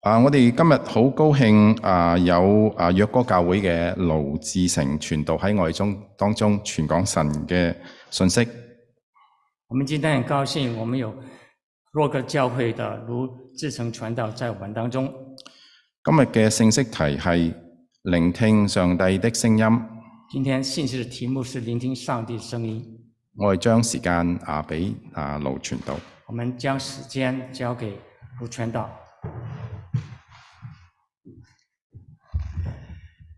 啊，我哋今日好高興啊，有啊若歌教會嘅盧志成傳道喺我哋中當中傳講神嘅信息。我們今天很高興，我們有若歌教會嘅盧志成傳道在我們當中。今日嘅信息題係聆聽上帝的聲音。今天信息嘅題目是聆聽上帝聲音。我哋將時間啊俾啊盧傳道。我們將時間交給。好，宣道！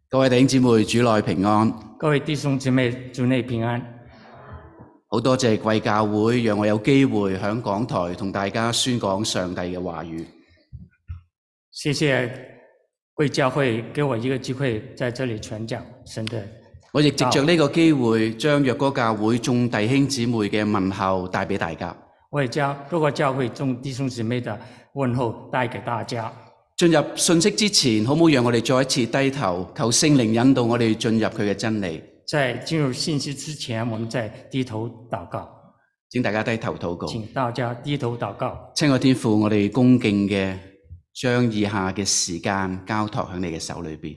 各位弟兄姊妹，主內平安！各位弟兄姊妹，主內平安！好多謝貴教會讓我有機會喺港台同大家宣講上帝嘅話語。謝謝貴教會給我一個機會在這裏宣講神的道。我亦藉着呢個機會，將若哥教會眾弟兄姊妹嘅問候帶俾大家。我教各個教會眾弟兄姊妹的。問候帶給大家。進入信息之前，好唔好讓我哋再一次低頭，求聖靈引導我哋進入佢嘅真理。在進入信息之前，我哋再低頭禱告。請大家低頭禱告。請大家低頭禱告。親愛天父，我哋恭敬嘅將以下嘅時間交託喺你嘅手裏邊。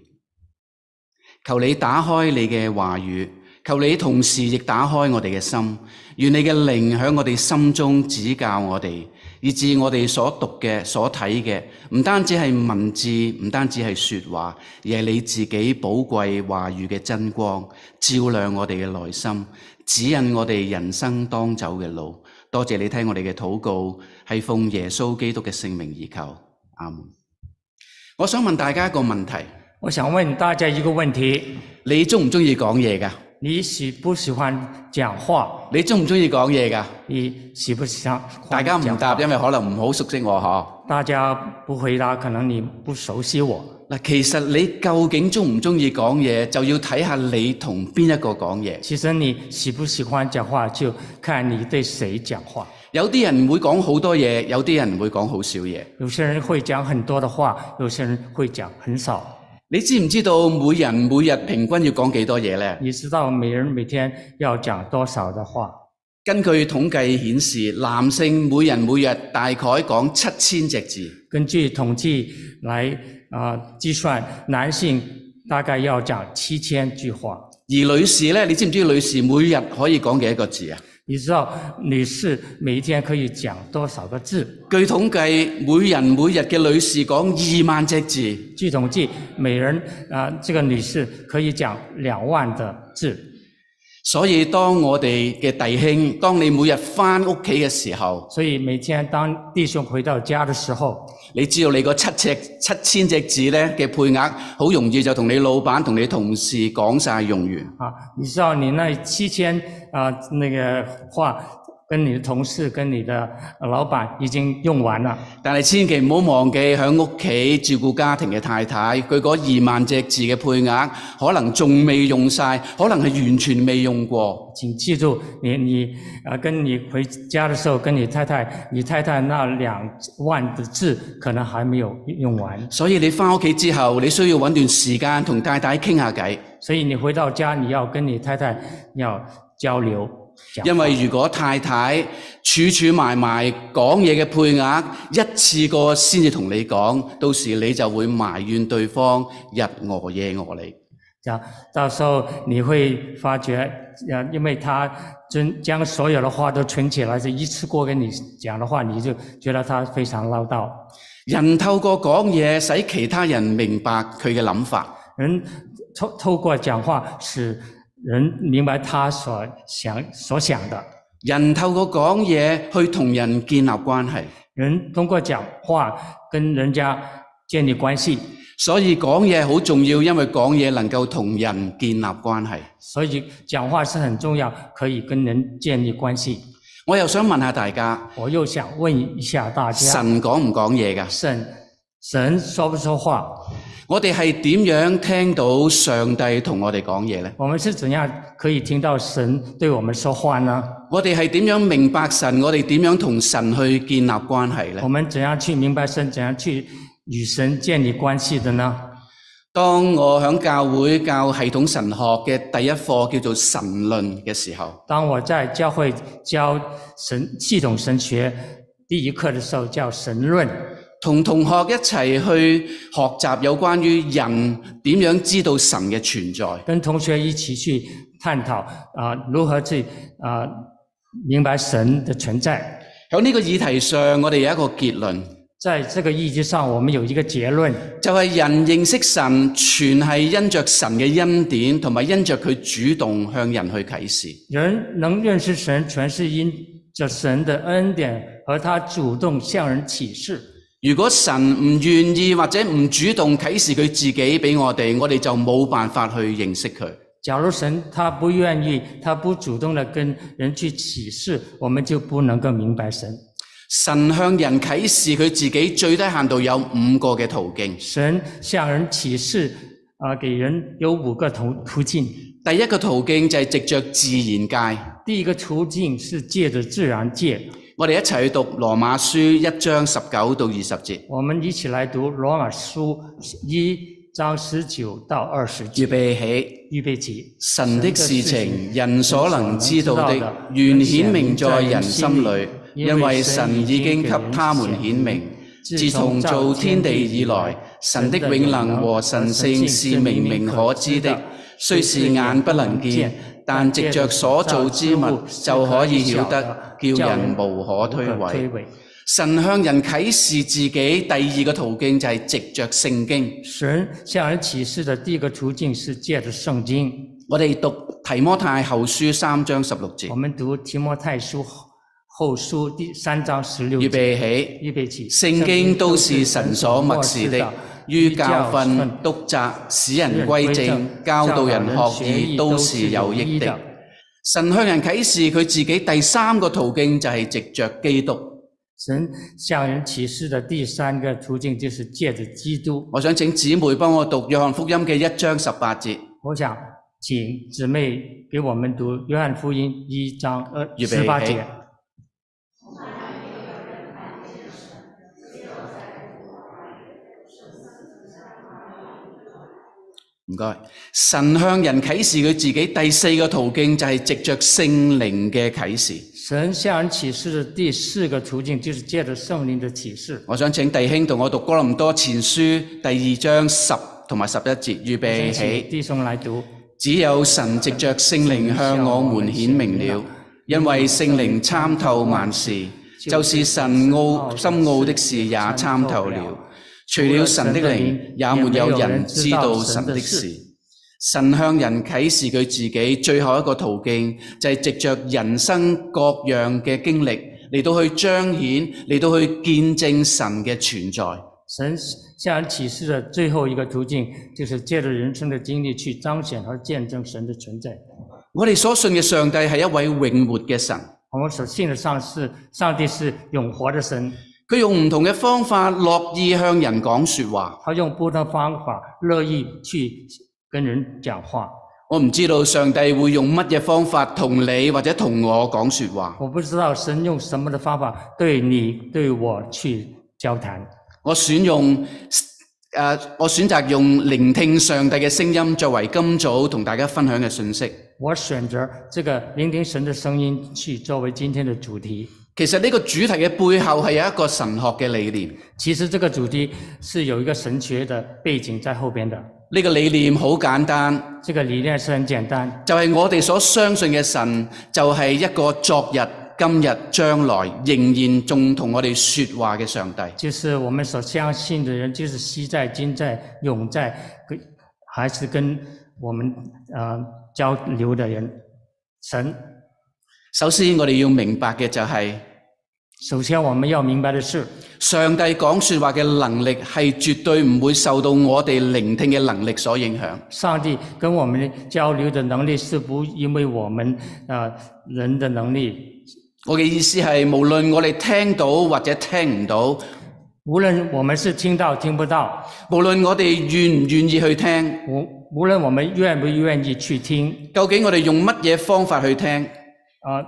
求你打開你嘅話語，求你同時亦打開我哋嘅心，願你嘅靈喺我哋心中指教我哋。以致我哋所讀嘅、所睇嘅，唔單止係文字，唔單止係說話，而係你自己寶貴話語嘅真光，照亮我哋嘅內心，指引我哋人生當走嘅路。多謝你聽我哋嘅禱告，係奉耶穌基督嘅聖名而求，阿門。我想問大家一個問題。我想問大家一個問題，你中唔中意講嘢噶？你喜不喜歡講話？你中唔中意講嘢㗎？你喜不喜歡講話？大家唔答，因為可能唔好熟悉我嗬。大家不回答，可能你不熟悉我。嗱，其實你究竟中唔中意講嘢，就要睇下你同邊一個講嘢。其實你喜不喜歡講話，就看你對誰講話。有啲人會講好多嘢，有啲人會講好少嘢。有些人會講很多的話，有些人會講很少。你知唔知道每人每日平均要講幾多嘢呢？你知道每人每天要講多少的話？根據統計顯示，男性每人每日大概講七千隻字。根據統計來啊計算，男性大概要講七千句話。而女士呢，你知唔知道女士每日可以講幾多個字啊？你知道女士每天可以講多少個字？據統計，每人每日嘅女士講二萬隻字。據統計，每人啊，這個女士可以講兩萬個字。所以，當我哋嘅弟兄，當你每日返屋企嘅時候，所以每天當弟兄回到家的時候，你知道你個七,七千七千隻字呢嘅配額，好容易就同你老闆同你同事講晒用完啊。你知道你那七千？啊，那個話跟你的同事、跟你的老闆已經用完了。但係千祈唔好忘記喺屋企照顧家庭嘅太太。佢嗰二萬隻字嘅配額可還沒，可能仲未用晒，可能係完全未用過。請記住，你你啊，跟你回家的時候，跟你太太，你太太那兩萬的字可能還沒有用完。所以你翻屋企之後，你需要揾段時間同太太傾下偈。所以你回到家，你要跟你太太你要。交流講，因為如果太太儲儲埋埋，埋講嘢嘅配額一次過先至同你講，到時你就會埋怨對方日哦夜哦你。講到時候你會發覺，因為他將將所有的話都存起來，就一次過跟你講的話，你就覺得他非常嘮叨。人透過講嘢使其他人明白佢嘅諗法。人透透過講話使。是人明白他所想所想的人透過講嘢去同人建立關係，人通過講話跟人家建立關係，所以講嘢好重要，因為講嘢能夠同人建立關係。所以講話是很重要，可以跟人建立關係。我又想問下大家，我又想問一下大家，神講唔講嘢噶？神。神說不說話，我哋係點樣聽到上帝同我哋講嘢呢？我們是怎樣可以聽到神對我們說話呢？我哋係點樣明白神？我哋點樣同神去建立關係呢？我們怎樣去明白神？怎樣去與神建立關係的呢？當我響教會教系統神學嘅第一課叫做神論嘅時候，當我在教會教神系統神學第一課的時候，叫神論。同同學一起去學習有關於人點樣知道神嘅存在。跟同學一起去探討啊、呃，如何去啊、呃、明白神的存在。喺呢個議題上，我哋有一個結論。在這個議題上，我們有一個結論，就係，人認識神，全係因着神嘅恩典，同埋因着佢主動向人去啟示。人能認識神，全是因着神的恩典，和他主動向人啟示。如果神唔願意或者唔主動啟示佢自己俾我哋，我哋就冇辦法去認識佢。假如神他不願意，他不主動的跟人去啟示，我們就不能夠明白神。神向人啟示佢自己最低限度有五個嘅途徑。神向人啟示啊、呃，給人有五個途途徑。第一個途徑就係藉着自然界。第一個途徑是借着自然界。我哋一齊去讀羅馬書一章十九到二十節。我們一起來讀羅馬書一章十九到二十節。預備起，預備起。神的事情，人所能知道的，原顯明在人心裏，因為神已經給他們顯明。自從造天地以來，神的永能和神性是明明可知的，雖是眼不能見。但藉著所造之物就可以曉得，叫人無可推諉。神向人啟示自己，第二個途徑就係藉著聖經。神向人啟示的第一個途徑是借着聖經。我哋讀提摩太後書三章十六節。我們讀提摩太書後書第三章十六節。預備起，預備起。聖經都是神所默示的。.於教訓、督責、使人歸正、教導人學義，都是有益的。神向人啟示佢自己，第三個途徑就係藉著基督。神向人啟示的第三個途徑就是借着基督。我想請姊妹幫我讀《約翰福音》嘅一章十八節。我想請姊妹給我們讀《約翰福音》一章十八節。唔該，神向人啟示佢自己，第四個途徑就係藉着聖靈嘅啟示。神向人啟示的第四個途徑就是借着聖靈的啟示。我想請弟兄同我讀哥林多前書第二章十同埋十一節，預備起。弟兄來讀。只有神藉着聖靈向我們顯明了，因為聖靈參透萬事，就是神奧深奧的事也參透了。除了神的靈，也沒有人知道神的事。神向人啟示佢自己最後一個途徑，就係藉着人生各樣嘅經歷嚟到去彰顯，嚟到去見證神嘅存在。神向人啟示嘅最後一個途徑，就是借着人生的經歷去彰顯和見證神的存在。我哋所信嘅上帝係一位永活嘅神。我們所信嘅上是上帝，是永活的神。佢用唔同嘅方法樂意向人講說話。他用不同的方法樂意去跟人講話。我唔知道上帝會用乜嘢方法同你或者同我講說話。我不知道神用什麼的方法對你對我去交談。我選用誒，我選擇用聆聽上帝嘅聲音作為今早同大家分享嘅信息。我選擇這個聆聽神的聲音去作為今天的主題。其實呢個主題嘅背後係有一個神學嘅理念。其實這個主題是有一個神學的背景在後邊的。呢個理念好簡單。這個理念是很簡單，就係我哋所相信嘅神，就係一個昨日、今日、將來仍然仲同我哋說話嘅上帝。就是我們所相信的人，就是昔在、今在、永在，還是跟我們呃交流的人神。首先，我哋要明白嘅就係，首先我們要明白的是，上帝講說話嘅能力係絕對唔會受到我哋聆聽嘅能力所影響。上帝跟我們交流的能力是不因為我們啊、呃、人的能力。我嘅意思係，無論我哋聽到或者聽唔到，無論我們是聽到聽不到，無論我哋願唔願意去聽，無無論我們願不願意去聽，究竟我哋用乜嘢方法去聽？啊！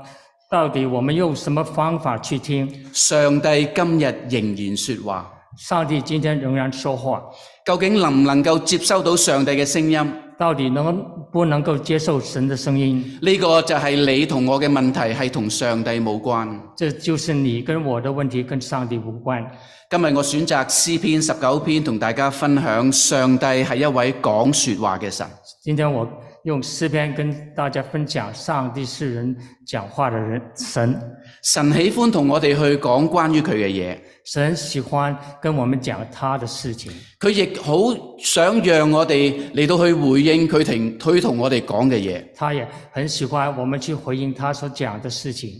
到底我們用什麼方法去聽？上帝今日仍然說話。上帝今天仍然說話。究竟能唔能夠接收到上帝嘅聲音？到底能不能夠接受神的聲音？呢個就係你同我嘅問題，係同上帝無關。這就是你跟我的問題，跟上帝無關。今日我選擇詩篇十九篇同大家分享，上帝係一位講說話嘅神。今天我。用詩篇跟大家分享上帝是人講話的人神。神喜歡同我哋去講關於佢嘅嘢，神喜歡跟我們講他的事情，佢亦好想讓我哋嚟到去回應佢同佢同我哋講嘅嘢。他也很喜歡我們去回應他所講的事情。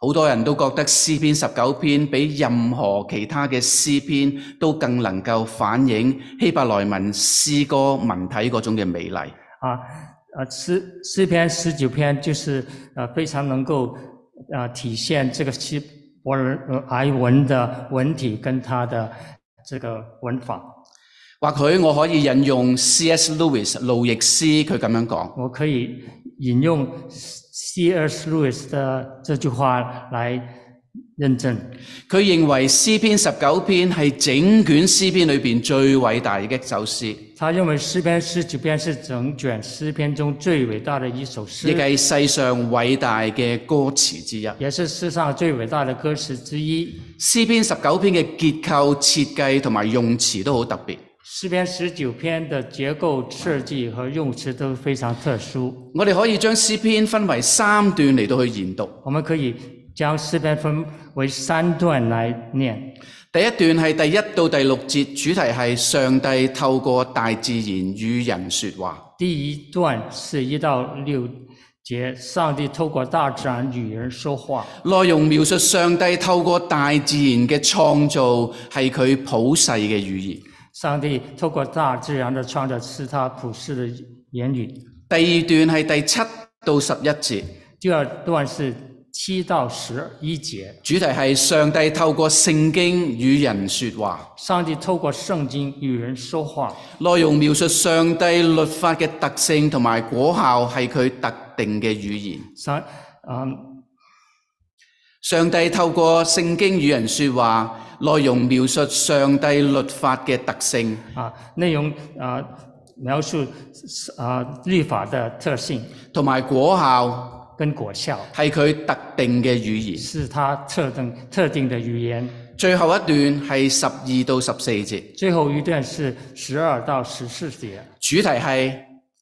好多人都覺得詩篇十九篇比任何其他嘅詩篇都更能夠反映希伯來文詩歌文體嗰種嘅美麗啊。啊，詩詩篇十九篇就是呃，非常能夠啊，體現這個希伯來文的文體跟他的這個文法。或許我可以引用 C.S. Lewis 路易斯，他這樣講。我可以引用 C.S. Lewis, Lewis 的這句話來。認真，佢認為詩篇十九篇是整卷詩篇裏邊最偉大的一首詩。他認為詩篇十九篇是整卷詩篇中最偉大的一首詩，亦係世上偉大嘅歌詞之一。也是世上最偉大的歌詞之一。詩篇十九篇嘅結構設計同埋用詞都好特別。詩篇十九篇的結構設計和用詞都非常特殊。我哋可以將詩篇分為三段嚟,到去研讀。我們可以。將詩篇分為三段來念。第一段是第一到第六節，主題是上帝透過大自然與人說話。第一段是一到六節，上帝透過大自然與人說話。內容描述上帝透過大自然嘅創造是佢普世嘅語言。上帝透過大自然的創造是他普世嘅言語。第二段是第七到十一節，第二段是。七到十一節，主題係上帝透過聖經與人說話。上帝透過聖經與人說話，內容描述上帝律法嘅特性同埋果效，係佢特定嘅語言。上，嗯，上帝透過聖經與人說話，內容描述上帝律法嘅特性啊，內容啊描述啊律法嘅特性，同埋果效。跟果效係佢特定嘅語言，是它特定特定的語言。最後一段係十二到十四節，最後一段是十二到十四節。主題係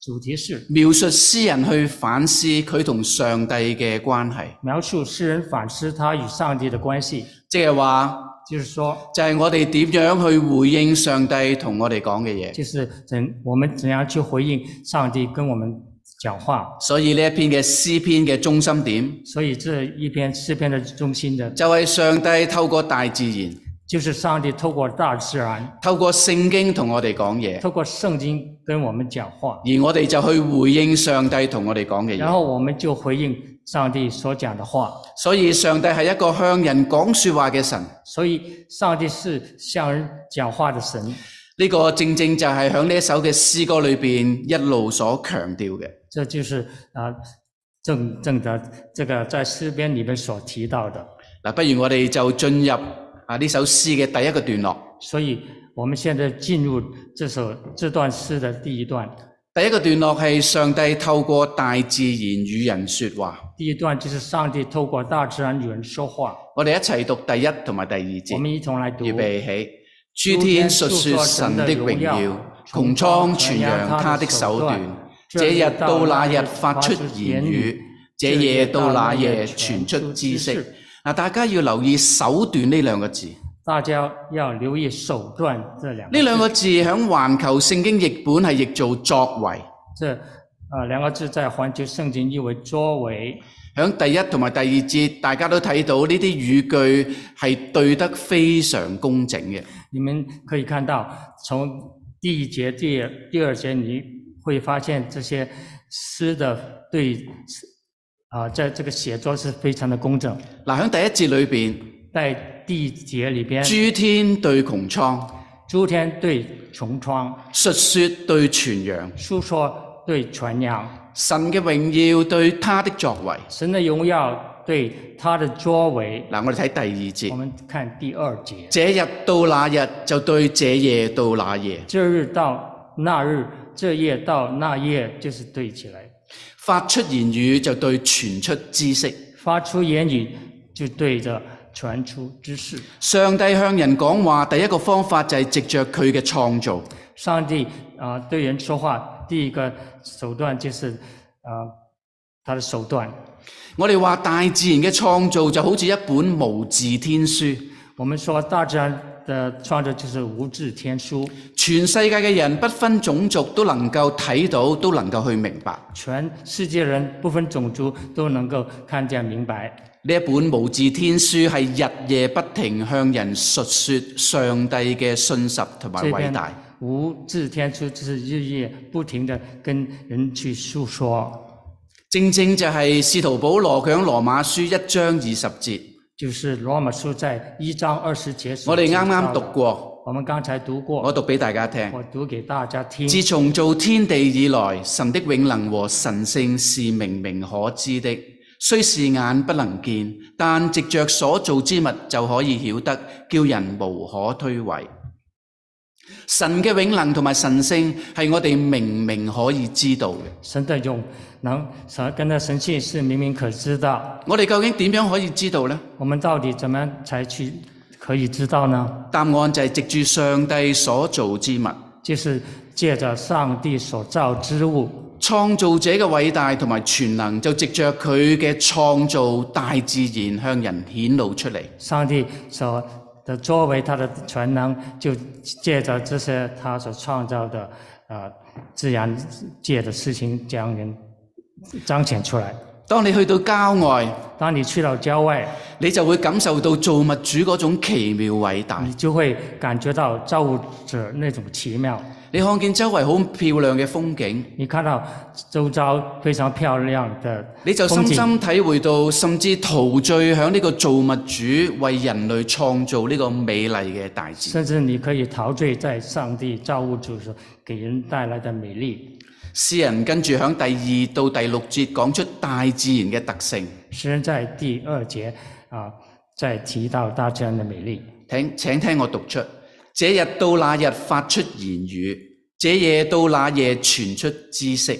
主題是描述詩人去反思佢同上帝嘅關係。描述詩人反思他與上帝的關係，即係話，就是說，就係我哋點樣去回應上帝同我哋講嘅嘢，就是怎我們怎樣去回應上帝跟我們。就是我們講話，所以呢一篇嘅詩篇嘅中心點，所以這一篇詩篇的中心嘅就係、是、上帝透過大自然，就是上帝透過大自然，透過聖經同我哋講嘢，透過聖經跟我們講話，而我哋就去回應上帝同我哋講嘅嘢，然後我們就回應上帝所講的話，所以上帝係一個向人講說話嘅神，所以上帝是向人講話的神。呢、這個正正就是在呢首嘅詩歌裏面一路所強調嘅。這就是啊正正的這個在詩篇裏面所提到的。嗱，不如我哋就進入啊呢首詩嘅第一個段落。所以，我們現在進入這首這段詩的第一段。第一個段落係上帝透過大自然與人說話。第一段就是上帝透過大自然與人說話。我哋一齊讀第一同埋第二節。我們一同來讀。預備起。諸天述說神的榮耀，穹蒼傳揚他的手段。這日到那日發出言語，這夜到那夜傳出知識。大家要留意手段呢兩個字。大家要留意手段這兩。呢兩個字響環球聖經譯本係譯做作為。這啊，這兩個字在環球聖經譯為作為。響第一同埋第二節，大家都睇到呢啲語句係對得非常工整嘅。你們可以看到，從第一節第、第第二節，你會發現這些詩的對，啊、呃，在這，這個寫作是非常的工整。嗱，喺第一節裏邊，在第一節裏邊，諸天對穹蒼，諸天對穹蒼，述說對傳揚，述說對傳揚，神嘅榮耀對他的作為，神嘅榮耀。對他的作為。嗱，我哋睇第二節，我們看第二節，這日到那日就對這夜到那夜，這日到那日，這夜到那夜就是對起來。發出言語就對傳出知識，發出言語就對着傳出知識。上帝向人講話第一個方法就係藉著佢嘅創造。上帝啊，對人說話第一個手段就是啊，他的手段。我哋話大自然嘅創造就好似一本無字天書。我們說大自然的創造就是無字天書，全世界嘅人不分種族都能夠睇到，都能夠去明白。全世界人不分種族都能夠看見明白，呢一本無字天書係日夜不停向人述說上帝嘅信實同埋偉大。無字天書就是日夜不停的跟人去訴說。正正就係使徒保羅響羅馬書一章二十節，就是羅馬書在一章二十節。我哋啱啱讀過，我們剛才讀過，我讀俾大家聽，我讀給大家聽。自從造天地以來，神的永能和神性是明明可知的，雖是眼不能見，但藉著所造之物就可以曉得，叫人無可推諉。神嘅永能同埋神性係我哋明明可以知道嘅。神都係用。能跟神跟着神器是明明可知道。我哋究竟點樣可以知道呢？我們到底怎麼樣才去可以知道呢？答案就係藉住上帝所造之物，就是借着上帝所造之物，創造者嘅偉大同埋全能，就藉着佢嘅創造大自然向人顯露出嚟。上帝所的作為，他的全能就借着這些他所創造的，呃、自然界的事情，將人。彰顯出來。當你去到郊外，當你去到郊外，你就會感受到造物主嗰種奇妙偉大。你就會感覺到造物主那種奇妙。你看見周圍好漂亮嘅風景，你看到周遭非常漂亮的，你就深深體會到，甚至陶醉喺呢個造物主為人類創造呢個美麗嘅大自然。甚至你可以陶醉在上帝造物主所給人帶來的美麗。詩人跟住喺第二到第六節講出大自然嘅特性。詩人在第二節啊，在提到大自然嘅美麗。請請聽我讀出：這日到那日發出言語，這夜到那夜傳出知識。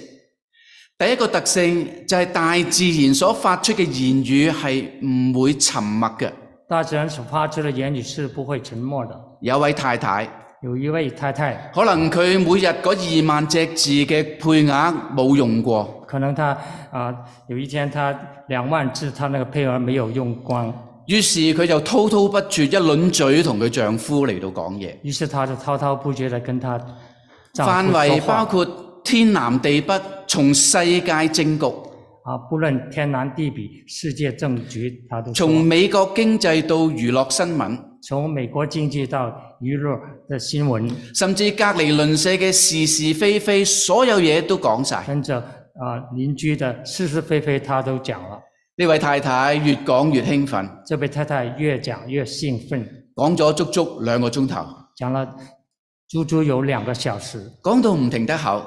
第一個特性就係，大自然所發出嘅言語係唔會沉默嘅。大自然所發出嘅言語是不會沉默的。有位太太。有一位太太，可能佢每日嗰二萬隻字嘅配額冇用過。可能他啊、呃，有一天他兩萬字，他那個配額沒有用光。於是佢就滔滔不絕一輪嘴同佢丈夫嚟到講嘢。於是，他就滔滔不絕地跟他丈夫說話。範圍包括天南地北，從世界政局啊，不論天南地北，世界政局，從美國經濟到娛樂新聞。從美國經濟到娛樂的新聞，甚至隔籬鄰舍嘅是是非非，所有嘢都、呃、都講晒。跟着啊，鄰居的是是非非，他都講了。這位太太越講越興奮。這位太太越講越興奮。講咗足足兩個鐘頭。講了足足有兩個小時。講到唔停得口。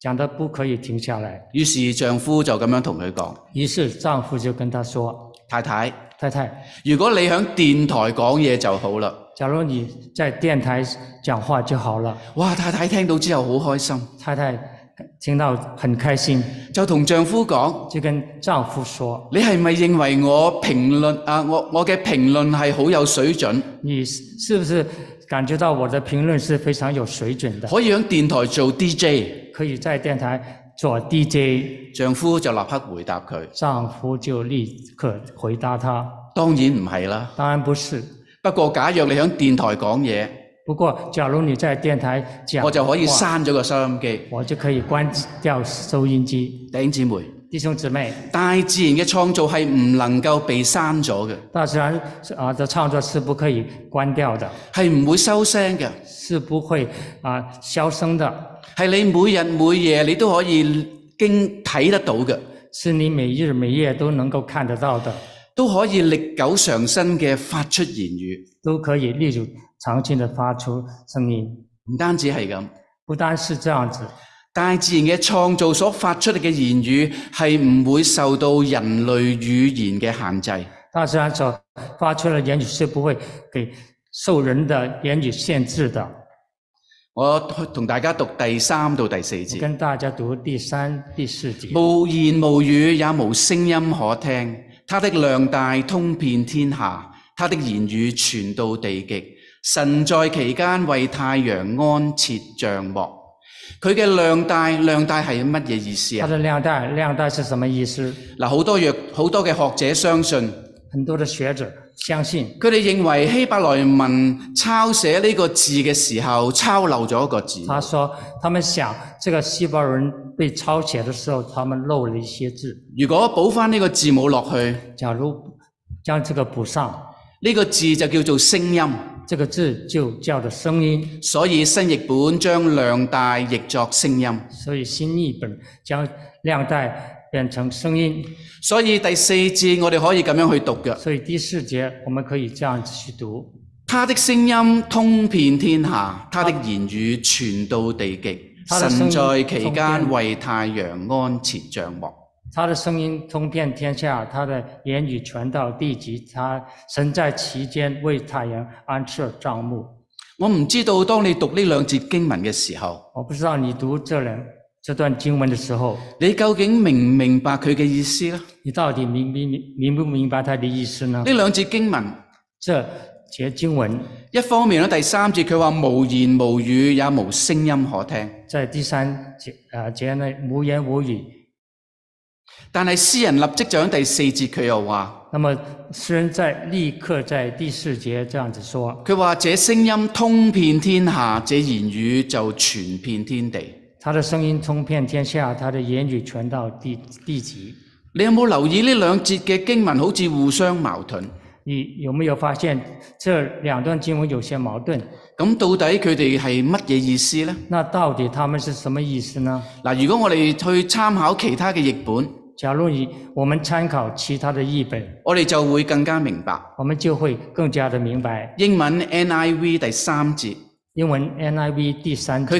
講得不可以停下來。於是丈夫就咁樣同佢講。於是丈夫就跟她說：太太。太太，如果你喺電台講嘢就好了。假如你在電台講話就好了。哇，太太聽到之後好開心。太太聽到很開心，就同丈夫講，就跟丈夫說，你係咪認為我評論啊，我我嘅評論係好有水準？你是不是感覺到我的評論是非常有水準的？可以喺電台做 DJ，可以在電台。做 DJ，丈夫就立刻回答佢。丈夫就立刻回答他。當然唔係啦。當然不是。不過假若，你在電台講嘢，不過假如你在電台講，我就可以刪咗個收音機，我就可以關掉收音機。弟兄姊妹，弟兄姊妹，大自然嘅創造係唔能夠被刪咗嘅。大自然啊的創造是不可以關掉的，係唔會收聲嘅，是不會啊消聲的。係你每日每夜你都可以經睇得到嘅，是你每日每夜都能夠看得到的，都可以歷久常新嘅發出言語，都可以歷久常新的發出聲音。唔單止係咁，不單是這樣子，大自然嘅創造所發出嚟嘅言語係唔會受到人類語言嘅限制。大自然所發出嚟嘅言語是不會給受人的言語限制的。我同大家讀第三到第四節。跟大家讀第三、第四節。無言無語也無聲音可聽，他的量帶通遍天下，他的言語傳到地極。神在其間為太陽安設帳幕。佢嘅量帶，量帶係乜嘢意思啊？他的量帶，量帶是什麼意思？嗱，好多若好多嘅學者相信。很多的學者。相信佢哋認為希伯來文抄寫呢個字嘅時候抄漏咗一個字。他說，他們想這個希伯來文被抄寫的時候，他們漏了一些字。如果補翻呢個字母落去，假如將這個補上，呢、這個字就叫做聲音，這個字就叫做聲音。所以新譯本將量帶譯作聲音。所以新譯本將量帶。變成聲音，所以第四節我哋可以這樣去讀嘅。所以第四節我們可以這樣去讀。他的聲音通遍天下，他的言語傳到地極。神在其間為太陽安設帳幕。」他的聲音通遍天下，他的言語傳到地極，他神在其間為太陽安設帳幕。我唔知道當你讀呢兩節經文嘅時候，我不知道你讀這兩。這段經文的時候，你究竟明唔明白佢嘅意思呢？你到底明唔明明不明白佢嘅意思呢？這兩節經文，這節經文，一方面，第三節佢話無言無語也無聲音可聽，即係第三節即係呢無言無語。但是詩人立即就喺第四節佢又話，那麼詩人在立刻在第四節這樣子說，佢話這聲音通遍天下，這言語就傳遍天地。他的聲音通遍天下，他的言語傳到地地極。你有冇留意呢兩節嘅經文好似互相矛盾？你有沒有發現這兩段經文有些矛盾？咁到底佢哋係乜嘢意思呢？那到底他們是什麼意思呢？嗱，如果我哋去參考其他嘅譯本，假如以我們參考其他的譯本，我哋就會更加明白，我們就會更加的明白。英文 NIV 第三節。英文 NIV 第三節，他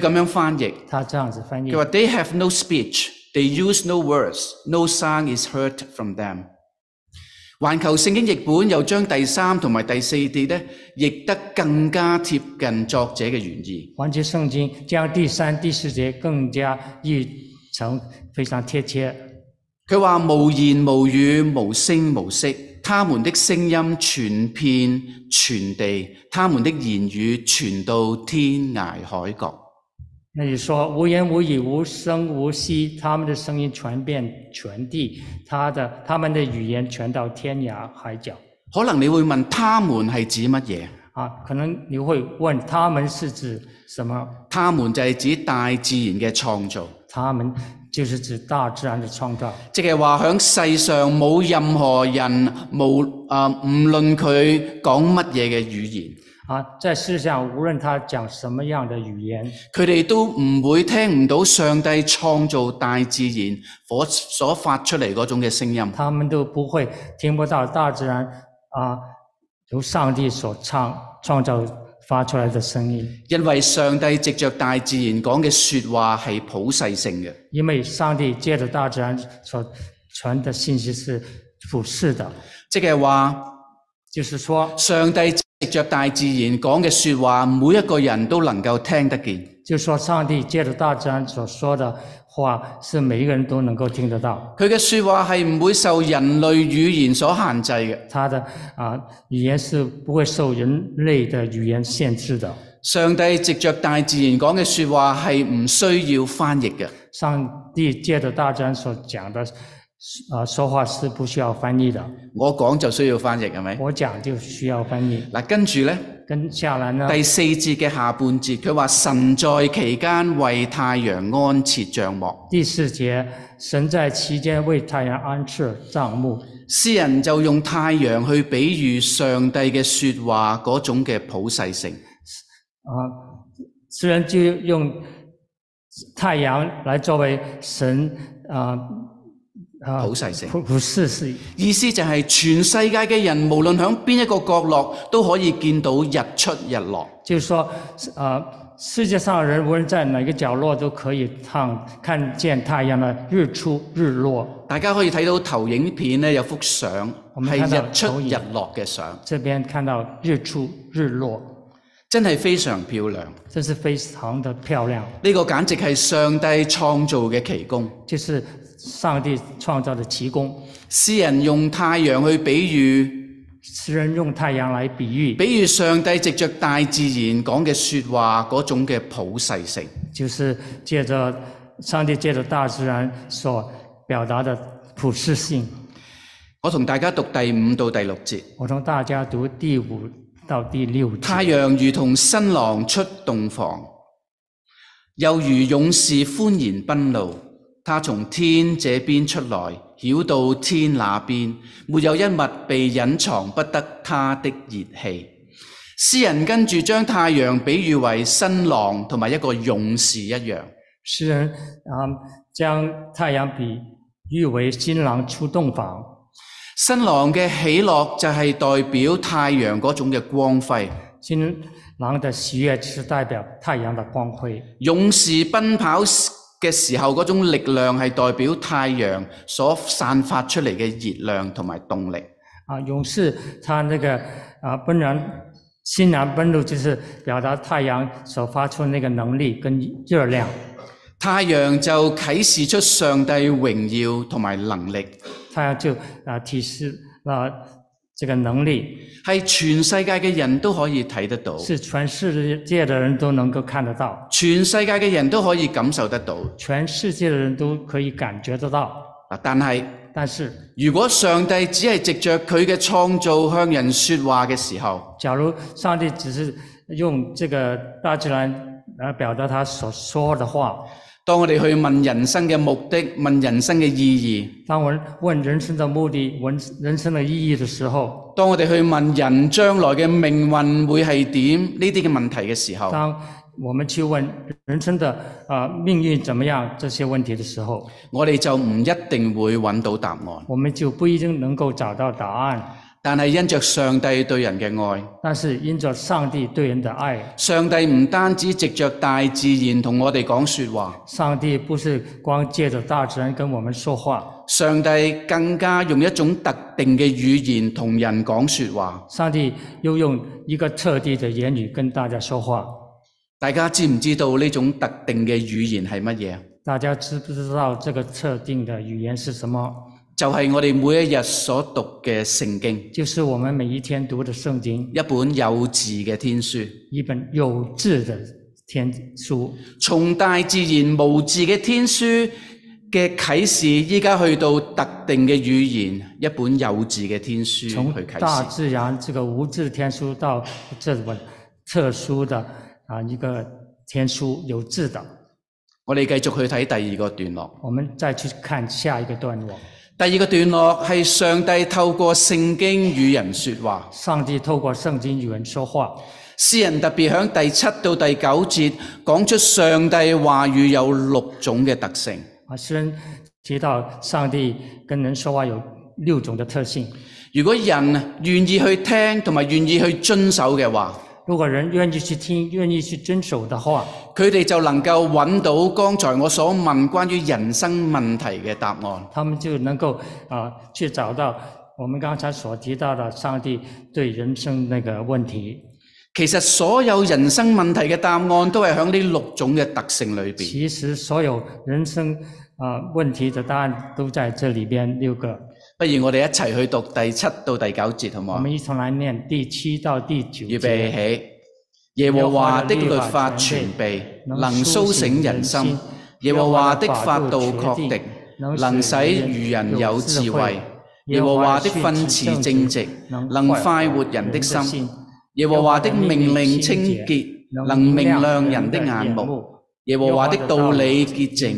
這樣子翻譯。他說，They have no speech, they use no words, no sound is heard from them. 環球聖經譯本又將第三和第四節譯得更加貼近作者的原意。環球聖經將第三、第四節更加譯成非常貼切。他說，無言無語，無聲無息，他們的聲音傳遍全地，他們的言語傳到天涯海角。那你說，無言無語、無聲無息，他們的聲音傳遍全地，他的他們的語言傳到天涯海角。可能你會問，他們係指乜嘢？啊，可能你會問，他們是指什麼？他們就係指大自然嘅創造，他們。就是指大自然的創造，即係話響世上冇任何人無啊，唔論佢講乜嘢嘅語言啊，在世上，任何人無，、呃、論在世上無論他講什麼樣的語言，佢哋都唔會聽唔到上帝創造大自然所所發出嚟嗰種嘅聲音。他們都不會聽不到大自然啊，由、呃、上帝所創創造。發出來的聲音，因為上帝藉着大自然講嘅說話係普世性嘅。因為上帝借着大自然所傳的信息是普世的，即係話，就是說，上帝藉着大自然講嘅說話，每一個人都能夠聽得見。就說上帝借着大自然所說的話，是每一個人都能夠聽得到。佢嘅說話係唔會受人類語言所限制嘅。他的啊語言是不會受人類的語言限制的。上帝藉着大自然，的的大自然講嘅說話係唔需要翻譯嘅。上帝借着大自然所講的啊說話是不需要翻譯的。我講就需要翻譯，係咪？我講就需要翻譯。嗱，跟住呢。跟下來呢，第四節嘅下半節，佢話神在期間為太陽安設帳幕。第四節，神在期間為太陽安設帳幕。詩人就用太陽去比喻上帝嘅說話嗰種嘅普世性。啊、呃，詩人就用太陽來作為神啊。呃好細聲。不是，是意思就係全世界嘅人，無論喺邊一個角落，都可以見到日出日落。就是說啊、呃、世界上人無論在哪個角落都可以看看見太陽的日出日落。大家可以睇到投影片有幅相係日出日落嘅相。這邊看到日出日落，真係非常漂亮。真是非常的漂亮。呢個簡直係上帝創造嘅奇功。就是。上帝創造的奇功，詩人用太陽去比喻，詩人用太陽來比喻，比喻上帝藉着大自然講嘅說話嗰種嘅普世性，就是借着上帝借著大自然所表達的普世性。我同大家讀第五到第六節，我同大家讀第五到第六節。太陽如同新郎出洞房，又如勇士歡然奔路。他從天這邊出來，繞到天那邊，沒有一物被隱藏不得他的熱氣。詩人跟住將太陽比喻為新郎同埋一個勇士一樣。詩人啊，將太陽比喻為新郎出洞房。新郎嘅喜樂就是代表太陽嗰種嘅光輝。新郎的喜悅就是代表太陽的光輝。勇士奔跑。嘅時候，嗰種力量係代表太陽所散發出嚟嘅熱量同埋動力。啊，勇士他、那個，他呢個啊，奔然，欣然奔路，就是表達太陽所發出那個能力跟熱量。太陽就啟示出上帝榮耀同埋能力。太陽就啊，提示嗱。啊這個能力係全世界嘅人都可以睇得到，是全世界嘅人都能夠看得到，全世界嘅人都可以感受得到，全世界嘅人都可以感覺得到。嗱，但係，但是，如果上帝只係藉着佢嘅創造向人說話嘅時候，假如上帝只是用這個大自然嚟表達他所說的話。當我哋去問人生嘅目的，問人生嘅意義；當我問，問人生嘅目的，問人生嘅意義嘅時候；當我哋去問人將來嘅命運會係點呢啲嘅問題嘅時候；當我們去問人生的啊命運怎麼樣這些問題嘅時候，我哋就唔一定會揾到答案。我們就不一定能夠找到答案。但係因着上帝對人嘅愛，但是因着上帝對人的愛，上帝唔單止藉着大自然同我哋講說話，上帝不是光借着大自然跟我們說話，上帝更加用一種特定嘅語言同人講說話，上帝又用一個特定的言語跟大家說話。大家知唔知道呢種特定嘅語言係乜嘢？大家知不知道這個特定的語言是什麼？就是我哋每一日所讀嘅聖經，就是我們每一天讀的聖經，一本有字嘅天書，一本有字嘅天書。從大自然無字嘅天書嘅啟示，依家去到特定嘅語言，一本有字嘅天書去啟示。從大自然這個無字天書到這本特殊的啊一個天書有字的。我哋繼續去睇第二個段落。我們再去看下一個段落。第二個段落是上帝透過聖經與人說話。上帝透過聖經與人說話。詩人特別喺第七到第九節講出上帝話語有六種嘅特性。啊，詩人提到上帝跟人說話有六種嘅特性。如果人願意去聽同埋願意去遵守嘅話。如果人願意去聽、願意去遵守的話，佢哋就能夠搵到剛才我所問關於人生問題嘅答案。他們就能夠啊，去找到我們剛才所提到的上帝對人生那個問題。其實所有人生問題嘅答案都係喺呢六種嘅特性裏邊。其實所有人生啊問題的答案都在這裏邊六個。不如我哋一齊去讀第七到第九節好嘛？我們一齊來念第七到第九節。預備起，耶和華的律法全備，能蘇醒人心；耶和華的法度確定，能使愚人有智慧；耶和華的訓詞正直，能快活人的心；耶和華的命令清潔，能明亮人的眼目；耶和華的道理潔淨，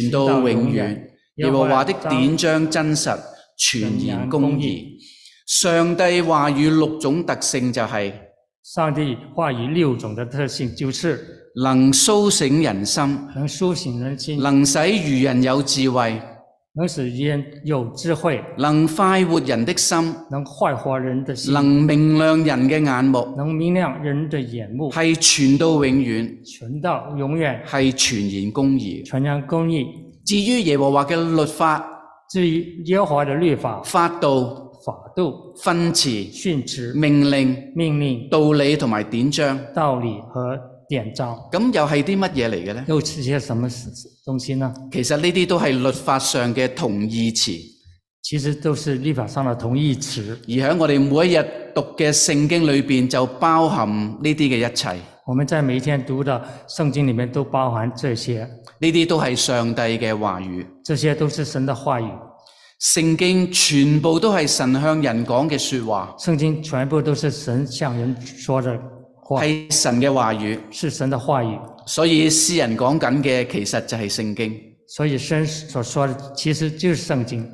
存到永遠；耶和華的典章真實。全然公義，上帝話語六種特性，就是上帝話語六種的特性，就是能蘇醒人心，能蘇醒人心，能使愚人有智慧，能使愚人有智慧，能快活人的心，能快活人的心，能明亮人嘅眼目，能明亮人的眼目，是存到永遠，存到永遠，係全然公義，全然公義。至於耶和華嘅律法。至於耶和華的律法、法度、法度、分詞、訓詞、命令、命令、道理同埋典章、道理和典章，咁又係啲乜嘢嚟嘅呢？又是些什麼東西呢？其實呢啲都係律法上嘅同義詞，其實都是律法上的同義詞。而喺我哋每一日讀嘅聖經裏面，就包含呢啲嘅一切。我們在每一天讀的聖經裏面都包含這些，呢啲都係上帝嘅話語，這些都是神的話語。聖經全部都係神向人講嘅說話，聖經全部都是神向人說的話，係神嘅話語，是神的話語。所以詩人講緊嘅其實就係聖經，所以詩人所說的其實就是聖經。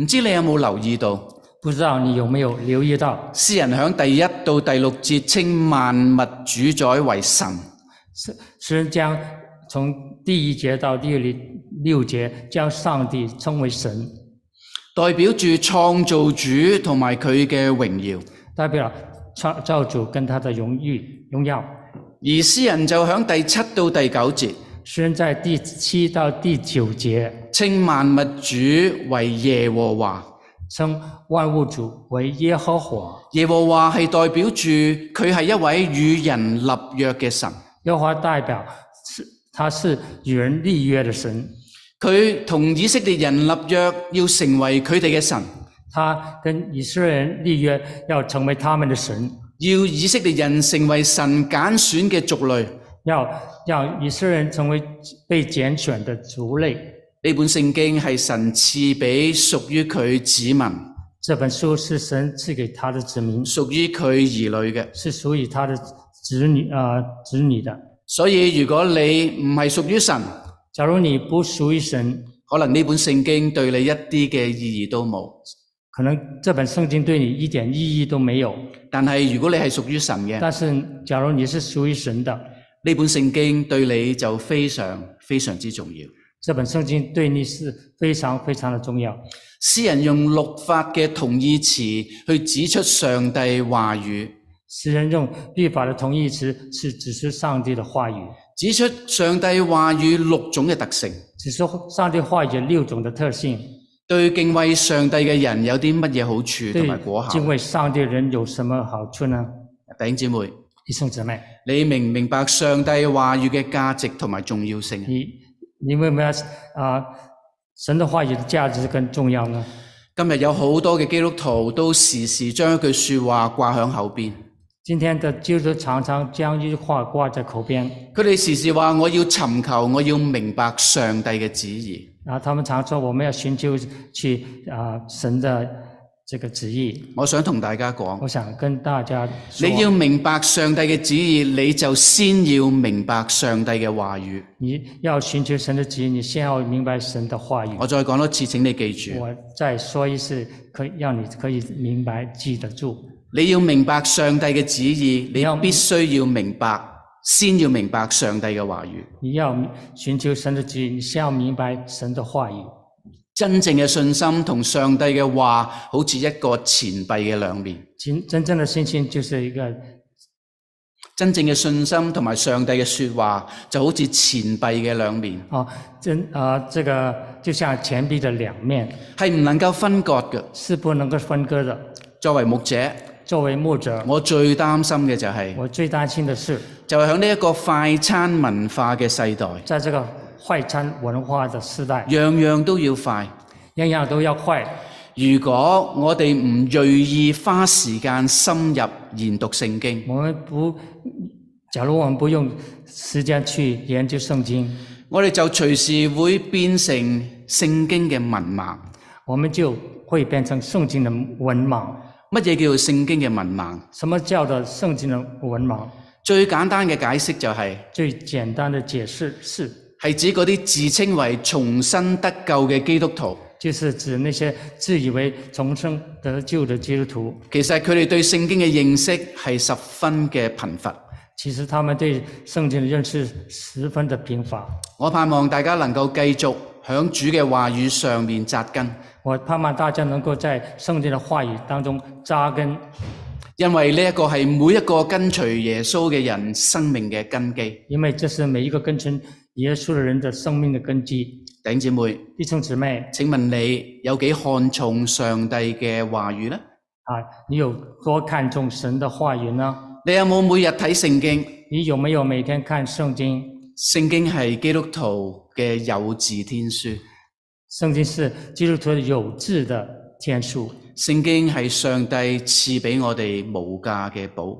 唔知你有冇留意到？不知道你有沒有留意到，詩人喺第一到第六節稱萬物主宰為神，詩人將從第一節到第六六節將上帝稱為神，代表住創造主同埋佢嘅榮耀，代表創造主跟他的榮譽榮耀。而詩人就喺第七到第九節，詩人在第七到第九節稱萬物主為耶和華。稱萬物主為耶和華，耶和華係代表住佢係一位與人立約嘅神。耶和華代表是，他是與人立約的神。佢同以色列人立約，要成為佢哋嘅神。他跟以色列人立約，要成為他們嘅神，神。要以色列人成為神揀選嘅族類，要要以色列人成為被揀選的族類。呢本聖經係神賜畀屬於佢子民。這本書是神賜給他的子民，屬於佢兒女嘅，是屬於他的子女啊、呃，子女的。所以如果你唔係屬於神，假如你不屬於神，可能呢本聖經對你一啲嘅意義都冇。可能這本聖經對你一點意義都沒有。但係如果你係屬於神嘅，但是假如你是屬於神的，呢本聖經對你就非常非常之重要。這本聖經對你是非常非常的重要。詩人用律法的同義詞去指出上帝話語。詩人用律法的同義詞是指出上帝的話語的。指出上帝話語六種的特性。指出上帝話語六種的特性。對敬畏上帝的人有啲乜嘢好處同埋果效？敬畏上帝人有什麼好處呢？弟兄姊妹，弟兄姊妹，你明唔明白上帝話語嘅價值同埋重要性？你為咩啊？神的話語的價值更重要呢？今日有好多嘅基督徒都時時將一句說話掛響口邊。今天的朝早常常將一句話掛在口邊。佢哋時時話我要尋求，我要明白上帝嘅旨意。啊，他們常說我們要尋求去啊神的。這個旨意，我想同大家講。我想跟大家說，你要明白上帝嘅旨意，你就先要明白上帝嘅話語。你要尋求神的旨意，你先要明白神的話語。我再講多次，請你記住。我再說一次，可讓你可以明白記得住。你要明白上帝嘅旨意，你要必須要明白，先要明白上帝嘅話語。你要尋求神的旨意，你先要明白神的話語。真正嘅信心同上帝嘅話，好似一個錢幣嘅兩面。真真正嘅信心就是一個真正嘅信心，同埋上帝嘅說話，就好似錢幣嘅兩面。哦，真啊、呃，這個就像錢幣的兩面，係唔能夠分割嘅。是不能夠分割的。作為牧者，作為牧者，我最擔心嘅就係、是、我最擔心的事，就係喺呢一個快餐文化嘅世代。就係這個。快餐文化的時代，樣樣都要快，樣樣都要快。如果我哋唔願意花時間深入研讀聖經，我們不，假如我們不用時間去研究聖經，我哋就隨時會變成聖經嘅文盲。我們就會變成聖經嘅文盲。乜嘢叫做聖經嘅文盲？什麼叫做聖經嘅文,文盲？最簡單嘅解釋就係、是、最簡單嘅解釋是。係指嗰啲自稱為重生得救嘅基督徒，就是指那些自以為重生得救的基督徒。其實佢哋對聖經嘅認識係十分嘅貧乏。其實他們對聖經的認識十分的貧乏。我盼望大家能夠繼續喺主嘅話語上面扎根。我盼望大家能夠在聖經的話語當中扎根，因為呢一個係每一個跟隨耶穌嘅人生命嘅根基。因為這是每一個跟隨。耶穌係人的生命的根基，弟兄姊妹，姊妹請問你有幾看重上帝的話語呢？啊，你有多看重神的話語呢？你有冇每日睇聖經？你有沒有每天看聖經？聖經是基督徒的有字天書。聖經是基督徒有字的天書。聖經是上帝賜給我們無價的寶。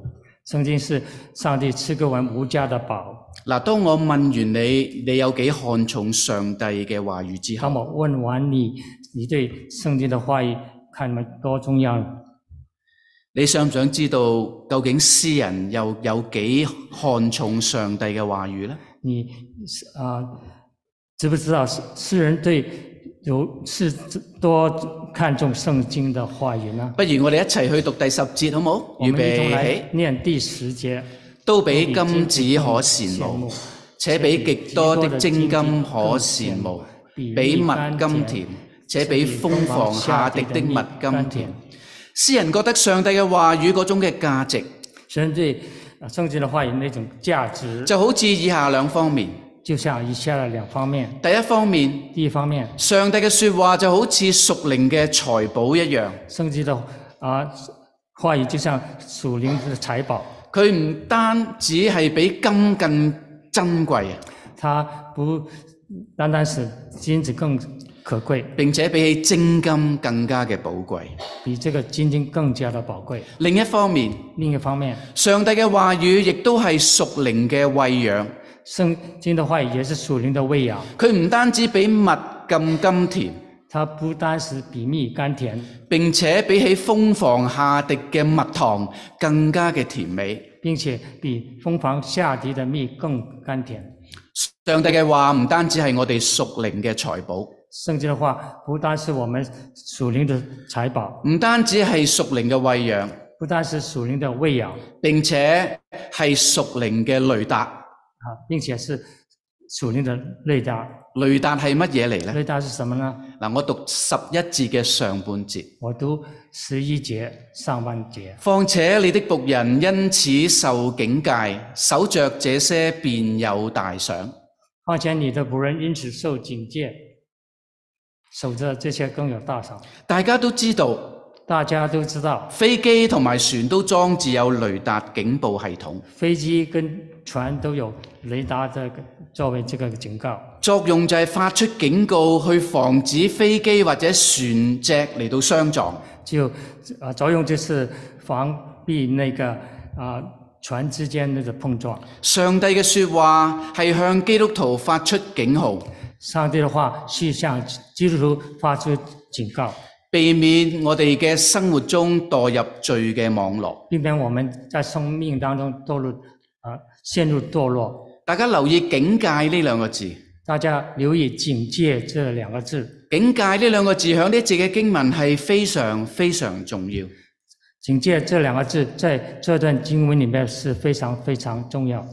聖經是上帝賜給我們無價的寶。嗱，當我問完你，你有幾看重上帝嘅話語之後，好冇？問完你，你對聖經的話語看有多重要？你想唔想知道究竟詩人又有，有幾看重上帝嘅話語呢？你啊，知不知道詩人對有是多看重聖經的話語呢？不如我哋一齊去讀第十節好不好？預備起，念第十節。都比金子可羨慕，且比極多的精金可羨慕，比蜜甘甜，且比蜂房下滴的蜜甘甜。詩人覺得上帝嘅話語嗰種嘅價值，上帝甚至嘅話語呢種價值，就好似以下兩方面。就像以下兩方面。第一方面，第一方面，上帝嘅說話就好似屬靈嘅財寶一樣。甚至到啊，話語就像屬靈嘅財寶。佢唔單止係比金更珍貴啊！它不單單是金子更可貴，並且比起真金更加的寶貴。比這個真金更加的寶貴。另一方面，另一方面，上帝的話語亦都是屬靈的餵養。聖經的話語也是屬靈的餵養。佢唔單止比蜜更甘甜。它不單是比蜜甘甜，並且比起蜂房下滴嘅蜜糖更加嘅甜美。並且比蜂房下滴的蜜更甘甜。上帝嘅話唔單止係我哋屬靈嘅財寶，甚至的話不單係我們屬靈的財寶，唔單止係屬靈嘅餵養，不單是屬靈的餵養，並且係屬靈嘅雷達啊！並且是。屬靈的雷達，雷達係乜嘢嚟咧？雷達是什麼呢？嗱，我讀十一字嘅上半節。我讀十一節上半節。況且你的僕人因此受警戒，守着這些便有大賞。況且你的僕人因此受警戒，守着這些更有大賞。大家都知道。大家都知道，飛機同埋船都裝置有雷達警報系統。飛機跟船都有雷達，作為這個警告作用，就係發出警告去防止飛機或者船隻嚟到相撞。主要啊，作用就是防避那個啊、呃、船之間那個碰撞。上帝嘅說話係向基督徒發出警號。上帝的話是向基督徒發出警告。避免我哋嘅生活中墮入罪嘅網絡。避免我們在生命當中墮入，啊，陷入墮落。大家留意警戒呢兩個字。大家留意警戒這兩個字。警戒呢兩個字喺呢節嘅經文係非常非常重要。警戒這兩個字在這段經文裏面是非常非常重要。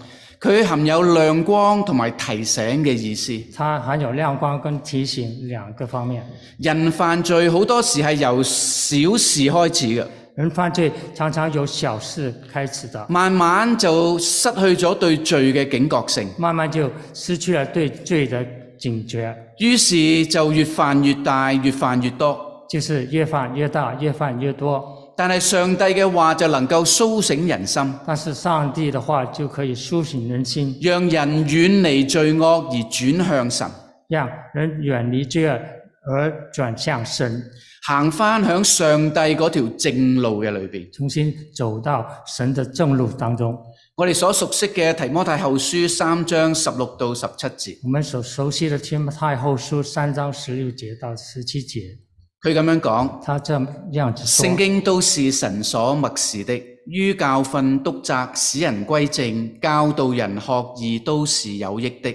佢含有亮光同埋提醒嘅意思。它含有亮光跟提醒兩個方面。人犯罪好多時是由小事開始的。人犯罪常常由小事開始的。慢慢就失去咗對罪嘅警覺性。慢慢就失去了對罪的警覺。於是就越犯越大，越犯越多。就是越犯越大，越犯越多。但是上帝的話就能夠甦醒人心，但是上帝的話就可以甦醒人心，讓人遠離罪惡而轉向神，讓人遠離罪惡而轉向神，行返響上帝嗰條正路嘅裏面，重新走到神的正路當中。我們所熟悉的提摩太後書三章十六到十七節，我們所熟悉的提摩太後書三章十六節到十七節。佢咁樣講，聖經都是神所默示的，於教訓、督責、使人歸正、教導人學義，都是有益的，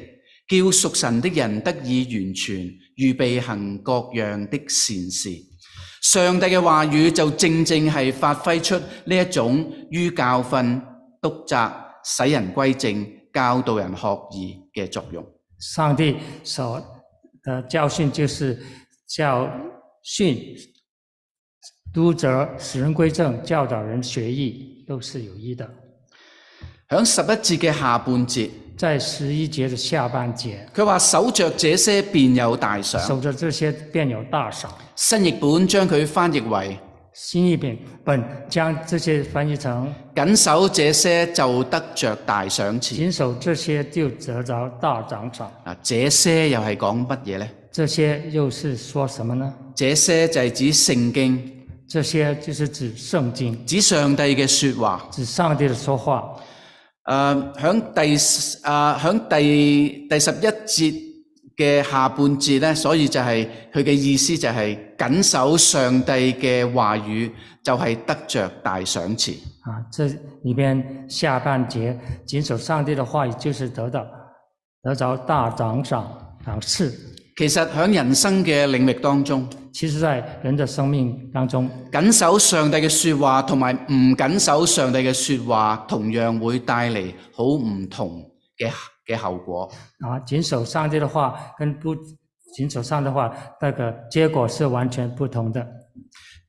叫屬神的人得以完全，預備行各樣的善事。上帝嘅話語就正正係發揮出呢一種於教訓、督責、使人歸正、教導人學義嘅作用。上帝所嘅教訓就是教。訓督責使人歸正，教導人學義，都是有益的。喺十一節嘅下半節，在十一節嘅下半節，佢話守着這些便有大賞。守着這些便有大賞。新譯本將佢翻譯為新譯本本將這些翻譯成緊守這些就得着大賞賜。緊守這些就得到大獎賞。嗱，這些又係講乜嘢咧？這些又是說什麼呢？這些就係指聖經，這些就是指聖經，指上帝嘅說話，指上帝嘅說話。呃響第呃響第第十一節嘅下半節呢，所以就係佢嘅意思就係謹守上帝嘅話語，就係得着大賞賜啊，這裏邊下半節謹守上帝的話語，就是得到得着大獎賞賞賜。其實在人生的領域當中，其實在人的生命當中，謹守上帝的說話同埋唔謹守上帝的說話，同樣會帶來好唔同嘅嘅後果。啊，謹守上帝的話，跟不謹守上帝的話，那個結果是完全不同的。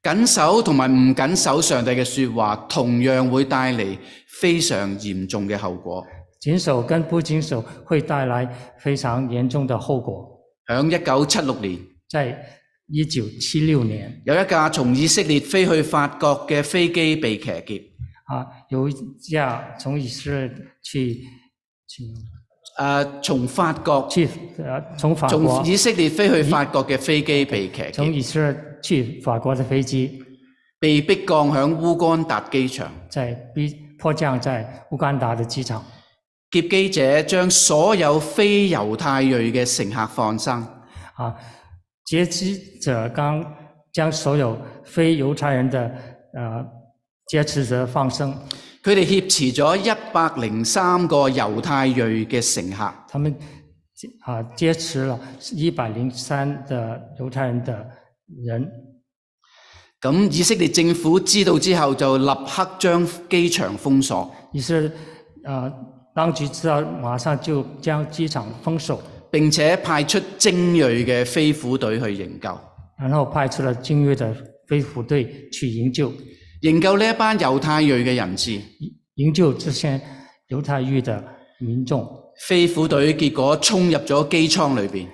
謹守同埋唔謹守上帝的說話，同樣會帶來非常嚴重的後果。謹守跟不謹守會帶來非常嚴重的後果。喺一九七六年，即係一九七六年，有一架從以色列飛去法國嘅飛機被騎劫。啊，有一架從以色列飛，誒、啊，從法國飛，從以色列飛去法國嘅飛機被騎劫。從以色列飛去法國嘅飛機被逼降響烏干達機場，即係逼迫降在烏干達嘅機場。劫機者將所有非猶太裔嘅乘客放生。啊，劫機者剛將所有非猶太人的啊呃，劫持者放生。佢哋劫持咗一百零三個猶太裔嘅乘客。他們啊劫持了一百零三的猶太人的人。咁以色列政府知道之後，就立刻將機場封鎖。意思啊？呃當局知道，馬上就將機場封鎖，並且派出精銳嘅飛虎隊去營救。然後派出了精銳的飛虎隊去營救，營救呢一班猶太裔嘅人士，營救這些猶太裔的民眾。飛虎隊結果衝入咗機艙裏邊，